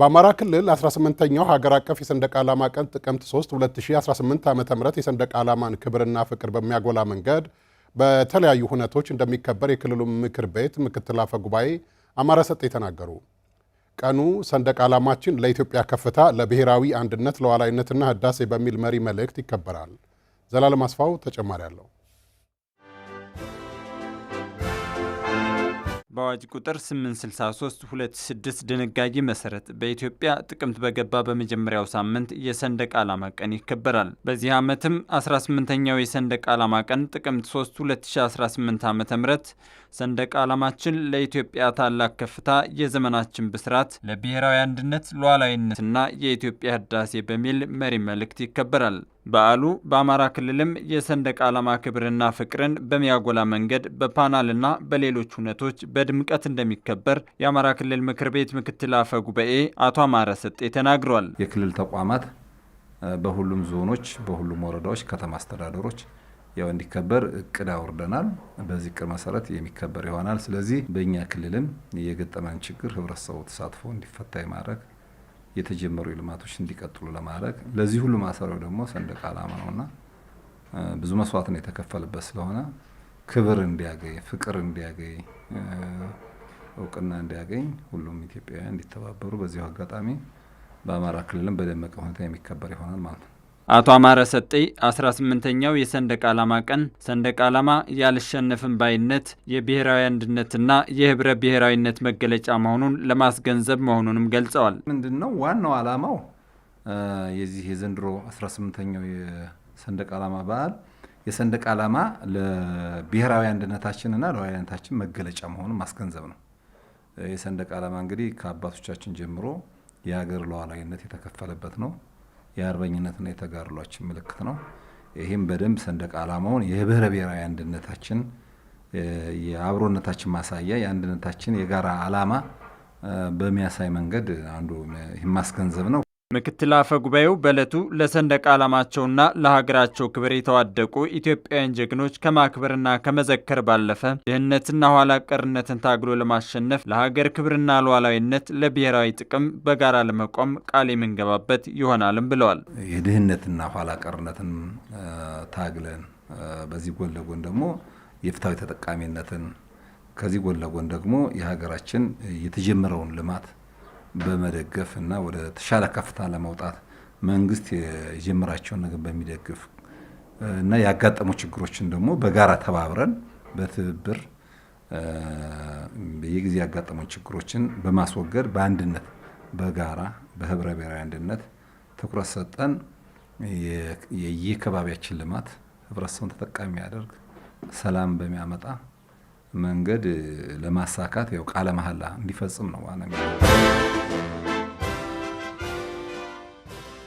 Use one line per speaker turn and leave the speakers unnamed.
በአማራ ክልል 18ኛው ሀገር አቀፍ የሰንደቅ ዓላማ ቀን ጥቅምት 3 2018 ዓ ም የሰንደቅ ዓላማን ክብርና ፍቅር በሚያጎላ መንገድ በተለያዩ ሁነቶች እንደሚከበር የክልሉ ምክር ቤት ምክትል አፈ ጉባኤ አማረ ሰጤ ተናገሩ። ቀኑ ሰንደቅ ዓላማችን ለኢትዮጵያ ከፍታ፣ ለብሔራዊ አንድነት፣ ለዋላዊነትና ህዳሴ በሚል መሪ መልእክት ይከበራል። ዘላለም አስፋው ተጨማሪ አለው።
በአዋጅ ቁጥር 863 26 ድንጋጌ መሰረት በኢትዮጵያ ጥቅምት በገባ በመጀመሪያው ሳምንት የሰንደቅ ዓላማ ቀን ይከበራል። በዚህ ዓመትም 18ኛው የሰንደቅ ዓላማ ቀን ጥቅምት 3 2018 ዓ ም ሰንደቅ ዓላማችን ለኢትዮጵያ ታላቅ ከፍታ፣ የዘመናችን ብስራት፣ ለብሔራዊ አንድነት ሉዓላዊነትና የኢትዮጵያ ህዳሴ በሚል መሪ መልእክት ይከበራል። በዓሉ በአማራ ክልልም የሰንደቅ ዓላማ ክብርና ፍቅርን በሚያጎላ መንገድ በፓናልና በሌሎች ሁነቶች በድምቀት እንደሚከበር የአማራ ክልል ምክር ቤት ምክትል አፈ ጉባኤ አቶ አማረ ሰጤ ተናግሯል።
የክልል ተቋማት በሁሉም ዞኖች፣ በሁሉም ወረዳዎች፣ ከተማ አስተዳደሮች ያው እንዲከበር እቅድ አውርደናል። በዚህ እቅድ መሰረት የሚከበር ይሆናል። ስለዚህ በእኛ ክልልም የገጠመን ችግር ህብረተሰቡ ተሳትፎ እንዲፈታ የማድረግ የተጀመሩ ልማቶች እንዲቀጥሉ ለማድረግ ለዚህ ሁሉ ማሰሪያው ደግሞ ሰንደቅ ዓላማ ነውና ብዙ መስዋዕት ነው የተከፈልበት ስለሆነ ክብር እንዲያገኝ፣ ፍቅር እንዲያገኝ፣ እውቅና እንዲያገኝ ሁሉም ኢትዮጵያውያን እንዲተባበሩ በዚሁ አጋጣሚ በአማራ ክልልም በደመቀ ሁኔታ የሚከበር ይሆናል ማለት ነው።
አቶ አማረ ሰጤ አስራ ስምንተኛው የሰንደቅ ዓላማ ቀን ሰንደቅ ዓላማ ያልሸነፍን ባይነት የብሔራዊ አንድነትና የህብረ ብሔራዊነት መገለጫ መሆኑን ለማስገንዘብ መሆኑንም ገልጸዋል።
ምንድን ነው ዋናው ዓላማው የዚህ የዘንድሮ 18ኛው የሰንደቅ ዓላማ በዓል የሰንደቅ ዓላማ ለብሔራዊ አንድነታችንና ለሉዓላዊነታችን መገለጫ መሆኑን ማስገንዘብ ነው። የሰንደቅ ዓላማ እንግዲህ ከአባቶቻችን ጀምሮ የሀገር ለዋላዊነት የተከፈለበት ነው። የአርበኝነትና የተጋድሏችን ምልክት ነው። ይህም በደንብ ሰንደቅ ዓላማውን የህብረ ብሔራዊ አንድነታችን የአብሮነታችን ማሳያ የአንድነታችን የጋራ ዓላማ በሚያሳይ መንገድ አንዱ ማስገንዘብ ነው።
ምክትል አፈ ጉባኤው በዕለቱ ለሰንደቅ ዓላማቸውና ለሀገራቸው ክብር የተዋደቁ ኢትዮጵያውያን ጀግኖች ከማክበርና ከመዘከር ባለፈ ድህነትና ኋላ ቀርነትን ታግሎ ለማሸነፍ ለሀገር ክብርና ሉዓላዊነት፣ ለብሔራዊ ጥቅም በጋራ ለመቆም ቃል የምንገባበት ይሆናልም ብለዋል።
የድህነትና ኋላ ቀርነትን ታግለን በዚህ ጎን ለጎን ደግሞ የፍትሐዊ ተጠቃሚነትን ከዚህ ጎን ለጎን ደግሞ የሀገራችን የተጀመረውን ልማት በመደገፍ እና ወደ ተሻለ ከፍታ ለመውጣት መንግስት የጀመራቸውን ነገር በሚደግፍ እና ያጋጠሙ ችግሮችን ደግሞ በጋራ ተባብረን በትብብር በየጊዜ ያጋጠሙ ችግሮችን በማስወገድ በአንድነት በጋራ በህብረ ብሔራዊ አንድነት ትኩረት ሰጠን የየከባቢያችን ልማት ህብረተሰቡን ተጠቃሚ የሚያደርግ ሰላም በሚያመጣ መንገድ ለማሳካት ያው ቃለ መሐላ እንዲፈጽም ነው ዋና